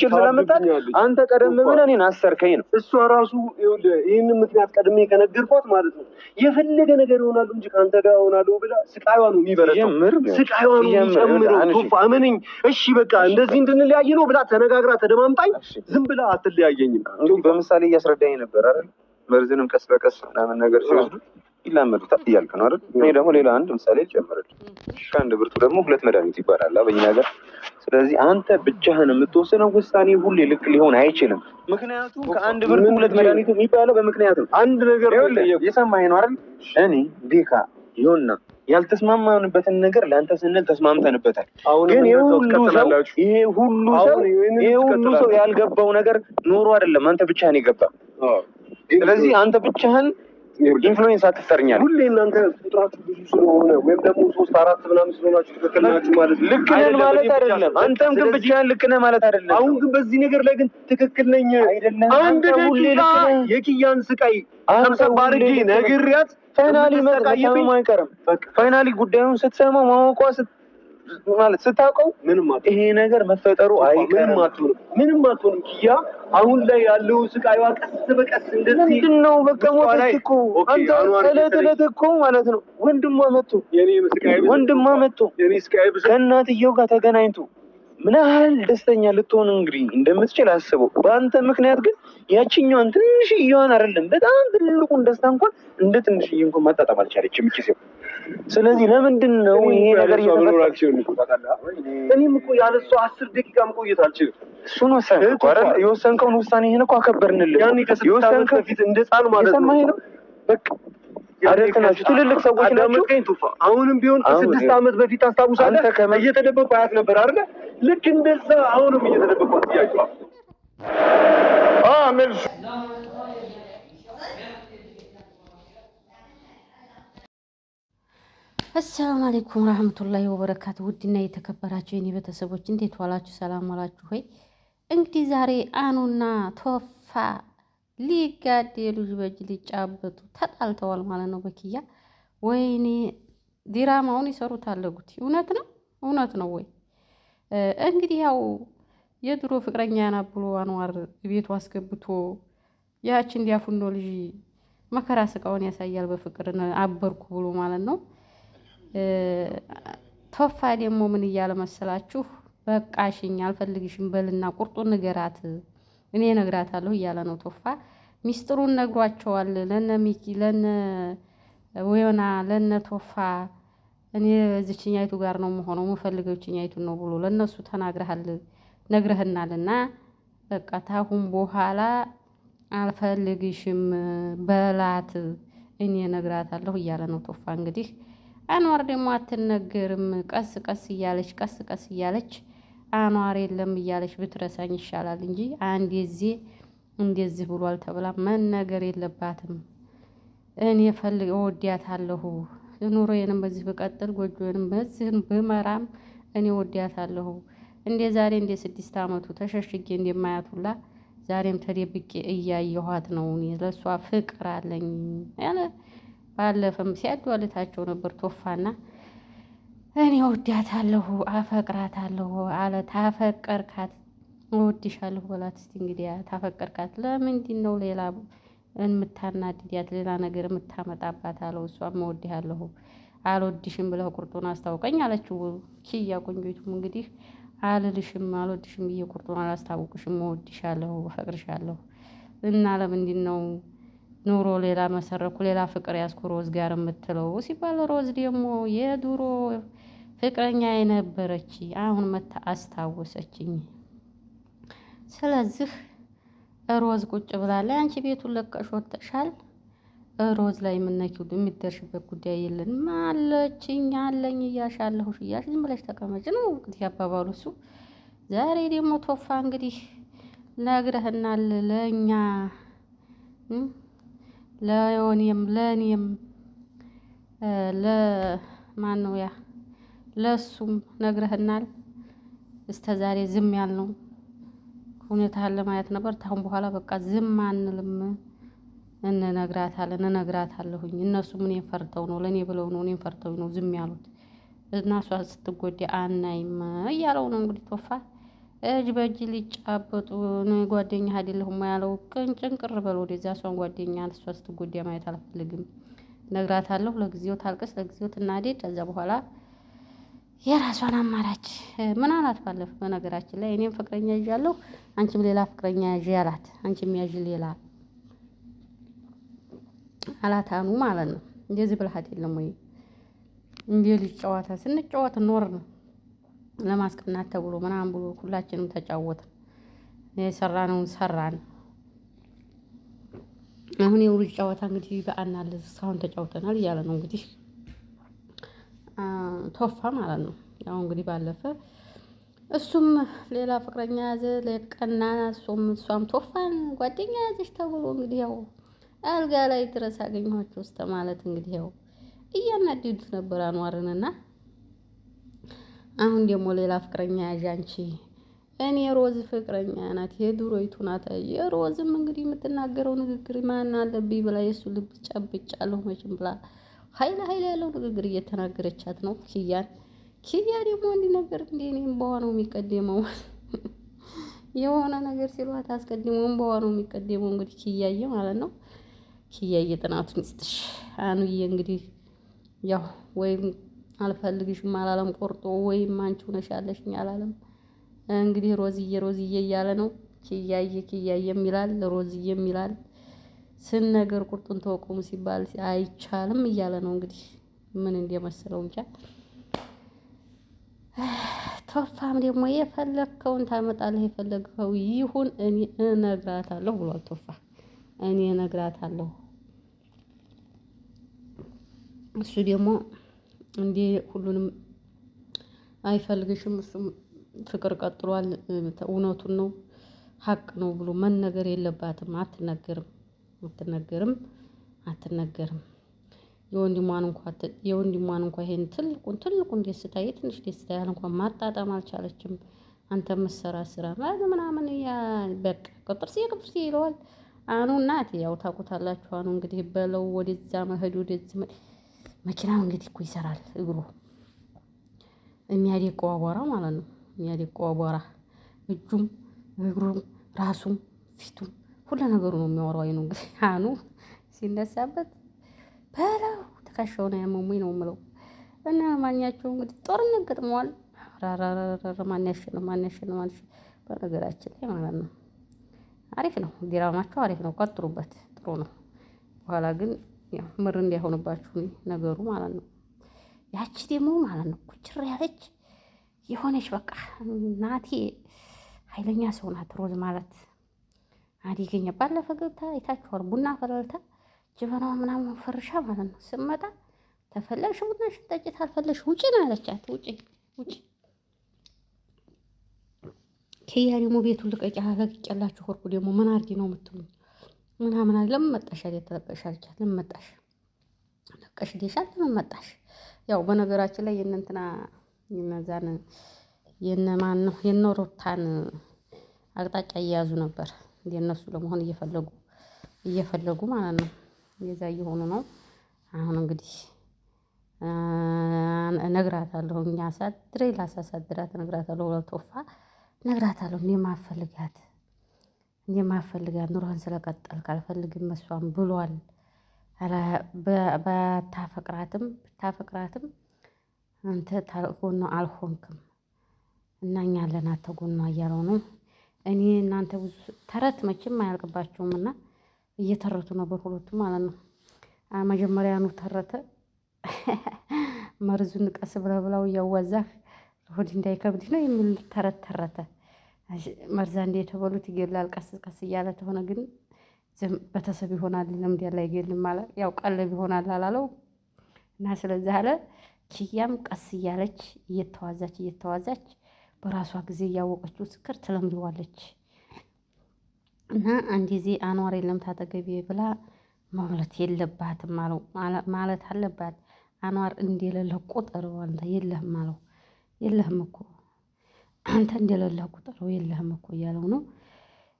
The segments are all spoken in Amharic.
ችግር ስለምታል አንተ ቀደም ብለህ እኔን አሰርከኝ ነው። እሷ ራሱ ይህን ምክንያት ቀድሜ ከነገርኳት ማለት ነው የፈለገ ነገር ይሆናሉ እንጂ ከአንተ ጋር ይሆናሉ ብላ ስቃይዋ ነው የሚበረታው፣ ስቃይዋ ነው የሚጨምረው። አምንኝ፣ እሺ በቃ እንደዚህ እንድንለያይ ነው ብላ ተነጋግራ ተደማምጣኝ፣ ዝም ብላ አትለያየኝም። በምሳሌ እያስረዳኝ ነበር አይደል? መርዝንም ቀስ በቀስ ምናምን ነገር ሲወስዱ ይላመዱታል እያልክ ነው አይደል? እኔ ደግሞ ሌላ አንድ ምሳሌ ልጨምርልህ። ከአንድ ብርቱ ደግሞ ሁለት መድኃኒት ይባላል በኛ ሀገር ስለዚህ አንተ ብቻህን የምትወስነው ውሳኔ ሁሌ ልክ ሊሆን አይችልም። ምክንያቱም ከአንድ ብርቱ ሁለት መድኃኒቱ የሚባለው በምክንያት ነው። አንድ ነገር የሰማህ ነው አይደል? እኔ ቤካ ይሁንና ያልተስማማንበትን ነገር ለአንተ ስንል ተስማምተንበታል። ግን ይሄ ሁሉ ሰው ይሄ ሁሉ ሰው ያልገባው ነገር ኖሮ አይደለም፣ አንተ ብቻህን የገባ ስለዚህ አንተ ብቻህን ኢንፍሉዌንስ አትፈርኛል ሁሌ እናንተ ቁጥራችሁ ብዙ ስለሆነ ወይም ደግሞ ሶስት አራት ምናምን ስለሆናችሁ ትክክልናችሁ ናችሁ ማለት ልክ ነን ማለት አይደለም። አንተም ግን ብቻህን ልክ ነህ ማለት አይደለም። አሁን ግን በዚህ ነገር ላይ ግን ትክክል ነኝ አንድ ደቂቃ የኪያን ስቃይ ሰባርጌ ነግሪያት ፋይናሊ መቃየብኝ አይቀርም። ፋይናሊ ጉዳዩን ስትሰማ ማወቋ ስት ማለት ስታውቀው ምንም ይሄ ነገር መፈጠሩ ምንም አትሆንም፣ ምንም አትሆንም። ኪያ አሁን ላይ ያለው ስቃይዋ ቀስ በቀስ እንደዚህ ምንድን ነው በቃ ሞተች እኮ አንተ ዕለት ዕለት እኮ ማለት ነው። ወንድሟ መጥቶ ወንድሟ መጥቶ ከእናትየው ጋር ተገናኝቶ ምን ያህል ደስተኛ ልትሆን እንግዲህ እንደምትችል አስበው። በአንተ ምክንያት ግን ያችኛዋን ትንሽዬዋን አይደለም በጣም ትልቁን ደስታ እንኳን እንደ ትንሽዬ እንኳን ማጣጣም አልቻለችም። ይቺ ሴት ስለዚህ ለምንድን ነው ይሄ ነገር እኔም እኮ ያለ እሷ አስር ደቂቃ መቆየት አልችልም። እሱ ነው የወሰንከውን ውሳኔ ይሄን እኮ አከበርንልህ። እንደ ማለት ነው። ትልልቅ ሰዎች አሁንም ቢሆን ከስድስት ዓመት በፊት ታስታውሳለህ? እየተደበቁ አያት ነበር አይደለ? ልክ እንደዛ አሁንም እየተደበቁ ጥያቄ አሰላሙ አለይኩም ረህመቱላሂ ወበረካቱ። ውድና የተከበራችሁ የኔ ቤተሰቦች እንዴት ዋላችሁ? ሰላም ዋላችሁ ሆይ? እንግዲህ ዛሬ አኑና ቶፋ ሊጋደሉ በእጅ ሊጫበቱ ተጣልተዋል ማለት ነው። በኪያ ወይኔ ዲራማውን ይሰሩታል ጉድ። እውነት ነው እውነት ነው ወይ? እንግዲህ ያው የድሮ ፍቅረኛ ና ብሎ አንዋር ቤቱ አስገብቶ ያችን ዲያፉኖ ልጅ መከራ ስቃውን ያሳያል። በፍቅር አበርኩ ብሎ ማለት ነው ቶፋ ደግሞ ምን እያለ መሰላችሁ በቃሽኝ አልፈልግሽም በልና ቁርጡ ንገራት እኔ ነግራታለሁ እያለ ነው ቶፋ ሚስጥሩን ነግሯቸዋል ለነ ሚኪ ለነ ወዮና ለነ ቶፋ እኔ እዚችኛይቱ ጋር ነው መሆነው መፈልገው እችኛይቱን ነው ብሎ ለእነሱ ተናግረሃል ነግረህናልና በቃ ታሁን በኋላ አልፈልግሽም በላት እኔ ነግራታለሁ እያለ ነው ቶፋ እንግዲህ አኗር ደግሞ አትነገርም። ቀስ ቀስ እያለች ቀስ ቀስ እያለች አኗር የለም እያለች ብትረሳኝ ይሻላል እንጂ አንድ ዜ እንደዚህ ብሏል ተብላ መነገር የለባትም። እኔ ፈልግ እወዳታለሁ። ኑሮዬንም በዚህ ብቀጥል ጎጆንም በዚህም ብመራም እኔ እወዳታለሁ። እንደ ዛሬ እንደ ስድስት አመቱ ተሸሽጌ እንደማያት ሁላ ዛሬም ተደብቄ እያየኋት ነው። እኔ ለእሷ ፍቅር አለኝ ባለፈም ሲያዷልታቸው ነበር ቶፋና እኔ ወዳታለሁ፣ አፈቅራታለሁ አለ። ታፈቀርካት እወድሻለሁ በላት እስቲ እንግዲህ ታፈቀርካት፣ ለምንድን ነው ሌላ የምታናድዳት ሌላ ነገር የምታመጣባት አለው። እሷም እወድሃለሁ አልወድሽም ብለህ ቁርጡን አስታውቀኝ አለችው። ኪያ ቆንጆቱም እንግዲህ አልልሽም አልወድሽም ብዬ ቁርጡን አላስታውቅሽም፣ እወድሻለሁ፣ እፈቅርሻለሁ እና ለምንድን ነው ኑሮ ሌላ መሰረኩ ሌላ ፍቅር ያዝኩ ሮዝ ጋር የምትለው ሲባል ሮዝ ደግሞ የዱሮ ፍቅረኛ የነበረች አሁን መታ አስታወሰችኝ። ስለዚህ ሮዝ ቁጭ ብላለ። አንቺ ቤቱን ለቀሽ ወጥተሻል። ሮዝ ላይ የምነኪው የሚደርሽበት ጉዳይ የለን አለችኝ። አለኝ እያሻለሁ ሽያሽ ዝም ብለሽ ተቀመጭ ነው እንግዲህ አባባሉ። እሱ ዛሬ ደግሞ ቶፋ እንግዲህ ነግረህናል ለእኛ ለዮኒም ለእኔም ለማን ነው ያ ለእሱም ነግረህናል። እስከ ዛሬ ዝም ያልነው ሁኔታህን ለማየት ነበር። ታሁን በኋላ በቃ ዝም አንልም፣ እንነግራታለን እነግራታለሁኝ። እነሱ እኔን ፈርተው ነው ለእኔ ብለው ነው እኔም ፈርተው ነው ዝም ያሉት እና እሷ ስትጎዳ አናይም እያለው ነው እንግዲህ ቶፋ እጅ በእጅ ሊጫበጡ ጓደኛህ አይደለሁም ያለው ቅንጭን ቅር በል ወደዚያ እሷን ጓደኛ እሷ ስትጎዳ ማየት አልፈልግም። እነግራታለሁ ለጊዜው ታልቅስ ለጊዜው ትናደድ ከዛ በኋላ የራሷን አማራጭ ምን አላት። ባለፈው በነገራችን ላይ እኔም ፍቅረኛ ይዣለሁ አንቺም ሌላ ፍቅረኛ ያዥ አላት። አንቺም ያዥ ሌላ አላታኑ ማለት ነው። እንደዚህ ብልሃት የለም ወይ? እንደ ልጅ ጨዋታ ስንጫወት ኖር ነው ለማስቀናት ተብሎ ምናምን ብሎ ሁላችንም ተጫወትን። የሰራነውን ሰራን። አሁን የውልጅ ጨዋታ እንግዲህ በአና ልዝ እስካሁን ተጫውተናል እያለ ነው እንግዲህ ቶፋ ማለት ነው። ያው እንግዲህ ባለፈ እሱም ሌላ ፍቅረኛ ያዘ ለቀና እሱም እሷም ቶፋን ጓደኛ ያዘች ተብሎ እንግዲህ ያው አልጋ ላይ ድረስ አገኘኋቸው ውስጥ ማለት እንግዲህ ያው እያናደዱት ነበር አኗርንና አሁን ደግሞ ሌላ ፍቅረኛ ያዥ አንቺ። እኔ የሮዝ ፍቅረኛ ናት፣ የድሮይቱ ናት። የሮዝም እንግዲህ የምትናገረው ንግግር ማን አለብኝ ብላ የእሱ ልብ ጨብጫለሁ መቼም ብላ ኃይል ኃይል ያለው ንግግር እየተናገረቻት ነው ኪያን። ኪያ ደግሞ እንዲህ ነገር እንደ እኔ እምባዋ ነው የሚቀደመው የሆነ ነገር ሲሏት አስቀድሞም በዋ ነው የሚቀደመው። እንግዲህ ኪያየ ማለት ነው ኪያየ ጥናቱን ይስጥሽ። አኑዬ እንግዲህ ያው ወይም አልፈልግሽም አላለም ቆርጦ፣ ወይም አንቺ ነሽ ያለሽኝ አላለም። እንግዲህ ሮዝዬ ሮዝዬ እያለ ነው። ኪያዬ ኪያዬም ይላል፣ ሮዝዬም ይላል። ስን ነገር ቁርጡን ተወቁሙ ሲባል አይቻልም እያለ ነው። እንግዲህ ምን እንደመሰለው እንጃ። ቶፋም ደግሞ የፈለግከውን ታመጣለህ፣ የፈለግከው ይሁን፣ እኔ እነግራታለሁ ብሏል። ቶፋ እኔ እነግራታለሁ። እሱ ደግሞ እንዲህ ሁሉንም አይፈልግሽም። እሱም ፍቅር ቀጥሏል። እውነቱን ነው ሀቅ ነው ብሎ መነገር የለባትም። አትነገርም አትነገርም አትነገርም። የወንድሟን እንኳ የወንድሟን እንኳ ይሄን ትልቁን ትልቁን ደስታ የትንሽ ደስታ ያህል እንኳ ማጣጣም አልቻለችም። አንተ ምሰራ ስራ ማለት ምናምን ያ በቃ ቅጥር ሲ ይለዋል። አኑ እናት ያው ታውቁታላችሁ። አኑ እንግዲህ በለው ወደዛ መሄድ ወደዚህ መኪናም እንግዲህ እኮ ይሰራል እግሩ የሚያደቀው አቧራ ማለት ነው። የሚያደቀው አቧራ እጁም እግሩም ራሱም ፊቱም ሁሉ ነገሩ ነው የሚያወራው። አይኑ እንግዲህ አኑ ሲነሳበት በለው ትከሻውን ያመሙኝ ነው የምለው። እና ማኛቸው እንግዲህ ጦርነት ገጥመዋል። ራራራራ ማን ያሸንፍ ማን ያሸንፍ ማን ያሸንፍ። በነገራችን ላይ ማለት ነው አሪፍ ነው ዲራማቸው አሪፍ ነው። ቀጥሩበት፣ ጥሩ ነው። በኋላ ግን ምር እንዳይሆንባችሁ ነገሩ ማለት ነው። ያቺ ደግሞ ማለት ነው ኩችር ያለች የሆነች በቃ ናቴ ኃይለኛ ሰው ናት። ሮዝ ማለት ገኘ ባለፈ ገብታ አይታችኋል። ቡና ፈለልታ ጀበናዋ ምናምን ፈርሻ ማለት ነው። ስመጣ ተፈለግሽ ቡና ሽጠጭ ታልፈለሽ ውጪ ነው ያለቻት። ውጪ ውጪ። ከያ ደግሞ ቤቱን ልቀቂ፣ ለቅቄላችሁ ወርቁ ደግሞ ምን አድርጊ ነው የምትሉኝ? ምናምን አለ ለምን መጣሽ አለች ለቀሽ አለቻት። ለምን መጣሽ ለቀሽ ዲሻል ለምን መጣሽ? ያው በነገራችን ላይ የእነንትና የነዛን የነማን ነው የነሮታን አቅጣጫ እየያዙ ነበር የነሱ ለመሆን እየፈለጉ እየፈለጉ ማለት ነው። የዛ እየሆኑ ነው። አሁን እንግዲህ እነግራታለሁ እኛ አሳድሬ ላሳሳድራት እነግራታለሁ ለቶፋ እነግራታለሁ እኔ ማፈልጋት የማፈልጋት ኑሮህን ስለቀጠልክ አልፈልግም እሷም ብሏል። ባታፈቅራትም ብታፈቅራትም አንተ ታልጎኗ አልሆንክም እና እኛ አለን አተጎኗ እያለው ነው። እኔ እናንተ ብዙ ተረት መቼም አያልቅባቸውም እና እየተረቱ ነበር ሁለቱ ማለት ነው። መጀመሪያኑ ተረተ መርዙን ቀስ ብለህ ብላው እያዋዛህ ሆድ እንዳይከብድህ ነው የሚል ተረት ተረተ። መርዛንዴ የተበሉት ይገላል። ቀስ ቀስ እያለ ተሆነ ግን ቤተሰብ ይሆናል። ልምድ ያለ አይገልም ማለት ያው ቀለብ ይሆናል አላለው እና ስለዚህ አለ ኪያም ቀስ እያለች እየተዋዛች እየተዋዛች በራሷ ጊዜ እያወቀችው ስክር ትለምደዋለች። እና አንድ ጊዜ አኗር የለም ታጠገቤ ብላ መውለት የለባትም አለው። ማለት አለባት አኗር እንደሌለ ቆጠረው የለህም አለው። የለህም እኮ አንተ እንደሌላ ቁጠረው የለህም እኮ እያለው ነው።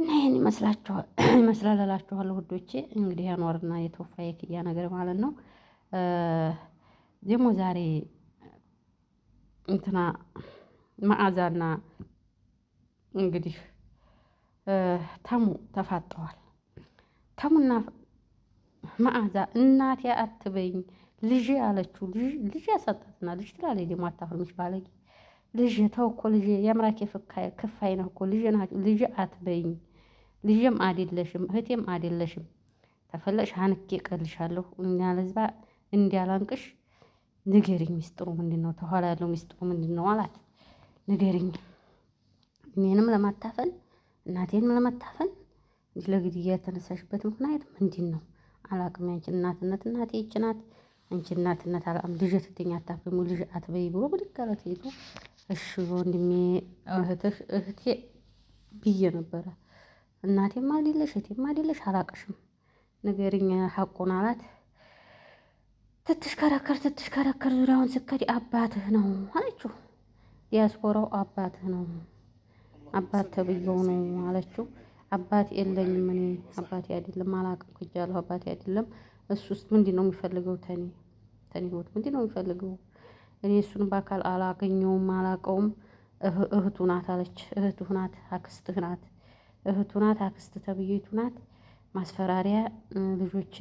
እና ይህን ይመስላል እላችኋለሁ ውዶቼ። እንግዲህ ያኗርና የተወፋ የክያ ነገር ማለት ነው። ደግሞ ዛሬ እንትና መዓዛና እንግዲህ ተሙ ተፋጠዋል። ተሙና መዓዛ እናቴ አትበኝ ልጅ አለችው። ልጅ ያሳጣትና ልጅ ትላለች ደግሞ አታፍርምሽ ባለጌ ልጅ ተው እኮ ልጅ የአምራኬ ክፋይ ነው እኮ ልጅ ልጅ አትበይኝ። ልጅም አይደለሽም እህቴም አይደለሽም። ተፈለሽ አንቄ ቀልሻለሁ። እኛ ለዝባ እንዲያላንቅሽ ንገሪኝ። ሚስጥሩ ምንድን ነው? ተኋላ ያለው ሚስጥሩ ምንድን ነው አላት። ንገሪኝ። እኔንም ለማታፈን እናቴንም ለማታፈን ለግድያ የተነሳሽበት ምክንያት ምንድን ነው? አላቅም። ያንቺ እናትነት እናቴ ይችናት አንቺ እናትነት አላቅም። ልጅ ትትኛ አታፍሙ ልጅ አትበይ ብሎ ብድግ አላት። እሺ ወንድሜ እህትህ እህቴ ብዬ ነበረ። እናቴም አይደለሽ እህቴም አይደለሽ አላቅሽም ንገሪኝ ሐቁን አላት። ትትሽከረከር ትትሽከረከር ዙሪያውን ስከዲ አባትህ ነው አለችው። ዲያስፖራው አባትህ ነው አባት ተብዬው ነው አለችው። አባት የለኝም እኔ አባቴ አይደለም አላቅም ክጃለሁ አባት አይደለም። ውስጥ ምንድን ነው የሚፈልገው? ተኔ ተኔ ህይወት ምንድን ነው የሚፈልገው? እኔ እሱን በአካል አላገኘውም አላውቀውም። እህቱ ናት አለች። እህቱ ናት አክስትህ ናት እህቱ ናት አክስት ተብዬቱ ናት። ማስፈራሪያ ልጆች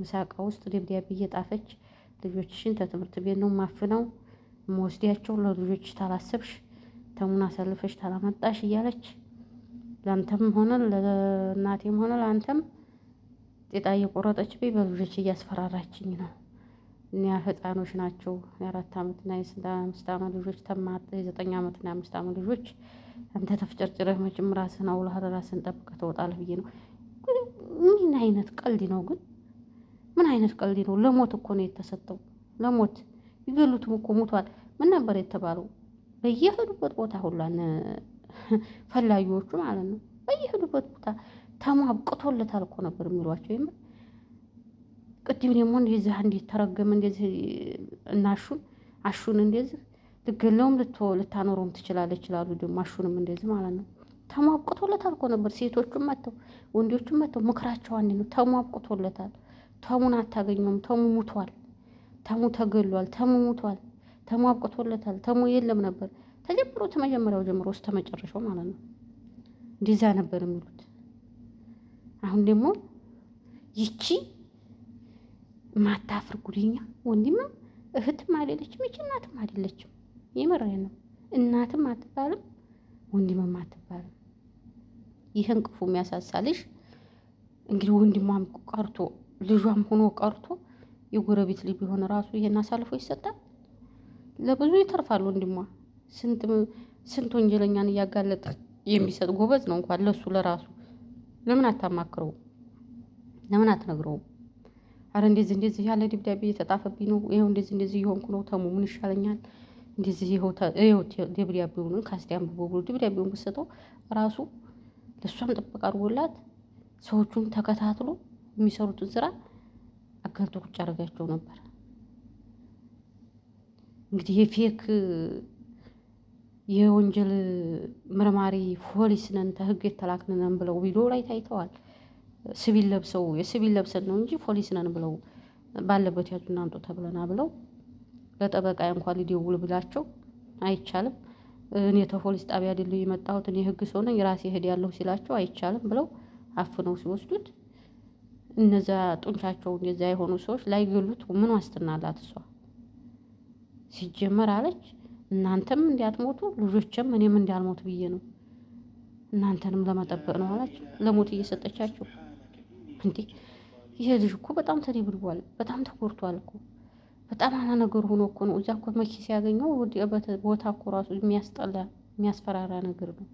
ምሳቃ ውስጥ ደብዳቤ እየጣፈች ልጆችሽን ተትምህርት ቤት ነው ማፍነው መወስዲያቸው ለልጆች ታላሰብሽ ተሙን አሰልፈሽ ታላመጣሽ እያለች ለአንተም ሆነ ለእናቴም ሆነ ለአንተም ጤጣ እየቆረጠች በልጆች እያስፈራራችኝ ነው እኒያ ህፃኖች ናቸው። የአራት ና የአምስት ዓመት ልጆች ተማት የዘጠኝ ና የአምስት ዓመት ልጆች አንተ ተፍጨርጭረህ መቼም ራስን አውለህ ራስን ጠብቀህ ትወጣለህ ብዬ ነው። ምን አይነት ቀልድ ነው ግን? ምን አይነት ቀልድ ነው? ለሞት እኮ ነው የተሰጠው። ለሞት ይገሉትም እኮ ሙቷል። ምን ነበር የተባለው? በየሄዱበት ቦታ ሁላን ፈላጊዎቹ ማለት ነው። በየሄዱበት ቦታ ተሟብቅቶለታል እኮ ነበር የሚሏቸው የምር ቅድም ደግሞ እንደዚህ እንዴት ተረገመ እንደዚህ እናሹን አሹን እንደዚህ ልገለውም ልታኖረውም ትችላለች ይችላሉ። ደግሞ አሹንም እንደዚህ ማለት ነው ተሟብቅቶለታል እኮ ነበር። ሴቶቹም መጥተው ወንዶቹም መጥተው ምክራቸው አንድ ነው። ተሟብቅቶለታል። ተሙን አታገኘውም። ተሙ ሙቷል። ተሙ ተገሏል። ተሙ ሙቷል። ተሙ አብቅቶለታል። ተሙ የለም ነበር ተጀምሮ ተመጀመሪያው ጀምሮ እስከ መጨረሻው ማለት ነው። እንደዛ ነበር የሚሉት። አሁን ደግሞ ይቺ ማታፍር ጉድኛ ወንድምም እህትም አይደለችም፣ ይች እናትም አይደለችም። የምሬ ነው። እናትም አትባልም፣ ወንድምም አትባልም። ይህን ክፉ የሚያሳሳልሽ እንግዲህ ወንድሟም ቀርቶ ልጇም ሆኖ ቀርቶ የጎረቤት ልጅ ቢሆን ራሱ ይሄን አሳልፎ ይሰጣል። ለብዙ ይተርፋል ወንድሟ። ስንት ወንጀለኛን እያጋለጠ የሚሰጥ ጎበዝ ነው። እንኳን ለሱ ለራሱ ለምን አታማክረው? ለምን አትነግረውም? አረ እንደዚህ እንደዚህ ያለ ደብዳቤ እየተጣፈብኝ ነው፣ ይኸው እንደዚህ እንደዚህ እየሆንኩ ነው፣ ተሙ ምን ይሻለኛል? እንደዚህ ይኸው ደብዳቤውን ካስቲ አንብቦ ብሎ ደብዳቤውን ብሰጠው ራሱ ለእሷም ጥበቃ አድርጎላት ሰዎቹም ተከታትሎ የሚሰሩትን ስራ አገልጦ ቁጭ አድርጋቸው ነበር። እንግዲህ የፌክ የወንጀል መርማሪ ፖሊስ ነን ተህግ የተላክን ብለው ቪዲዮ ላይ ታይተዋል። ሲቪል ለብሰው የሲቪል ለብሰን ነው እንጂ ፖሊስ ነን ብለው ባለበት ያዙና አምጡ ተብለና ብለው ለጠበቃ እንኳን ሊደውል ብላቸው አይቻልም። እኔ ተፖሊስ ጣቢያ አይደለሁ የመጣሁት እኔ ህግ ሰው ነኝ ራሴ ሄድ ያለሁ ሲላቸው አይቻልም ብለው አፍነው ሲወስዱት እነዛ ጡንቻቸው እንደዛ የሆኑ ሰዎች ላይገሉት ምን ዋስትና አላት? እሷ ሲጀመር አለች እናንተም እንዲያትሞቱ ልጆችም እኔም እንዲያልሞት ብዬ ነው እናንተንም ለመጠበቅ ነው አለች። ለሞት እየሰጠቻቸው እንዴ ይሄ ልጅ እኮ በጣም ተደብድቧል፣ በጣም ተጎድቷል እኮ በጣም አና ነገር ሆኖ እኮ ነው። እዛ እኮ መኪ ሲያገኘው ቦታ እኮ ራሱ የሚያስጠላ የሚያስፈራራ ነገር ነው።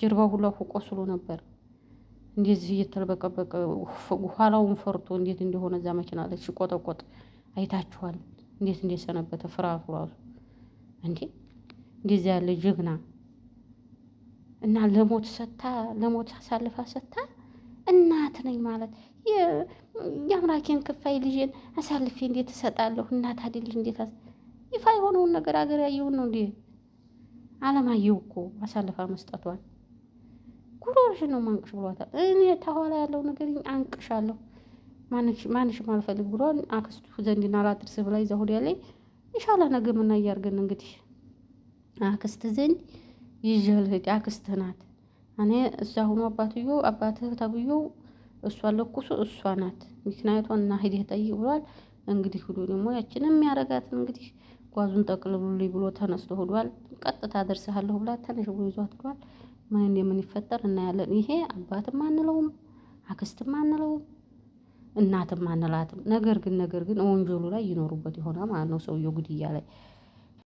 ጀርባው ሁላ ቆስሎ ነበር። እንደዚህ እየተልበቀበቀ ኋላውን ፈርቶ እንዴት እንደሆነ እዛ መኪና ላይ ሲቆጠቆጥ አይታችኋል። እንዴት እንደሰነበተ ፍርሃቱ ራሱ እንዴ እንደዚያ ያለ ጀግና እና ለሞት ሰታ ለሞት አሳልፋ ሰታ እናት ነኝ ማለት የአምራኬን ክፋይ ልጅን አሳልፌ እንዴት እሰጣለሁ? እናት አይደል እንዴት ይፋ የሆነውን ነገር አገር ያየውን ነው እንዴ? አለማየሁ እኮ አሳልፋ መስጠቷን ጉሮሽ ነው ማንቅሽ ብሏታል። እኔ ተኋላ ያለው ነገር አንቅሻለሁ ማንሽ አልፈልግ ብሏል። አክስቱ ዘንድ ላትርስ ብላ ይዛ ሆድ ያለኝ ይሻላ ነገ ምና እያርገን እንግዲህ አክስት ዘንድ ይዤ ልሂድ። አክስት ናት እኔ እዛ ሁኖ አባትዮ አባትህ ተብዮ እሷ ለኩሱ እሷ ናት ምክንያቷ እና ሂደህ ጠይቅ ብሏል። እንግዲህ ሁሉ ደግሞ ያችን የሚያረጋትን እንግዲህ ጓዙን ጠቅልሉልኝ ብሎ ተነስቶ ሆዷል። ቀጥታ አደርስሃለሁ ብላ ተነሽ ብሎ ይዟት ሆዷል። ምን እንደምን ይፈጠር እናያለን። ይሄ አባትም አንለውም፣ አክስትም አንለውም፣ እናትም አንላትም። ነገር ግን ነገር ግን ወንጀሉ ላይ ይኖሩበት ይሆናል ማለት ነው ሰውየው ግድያ ላይ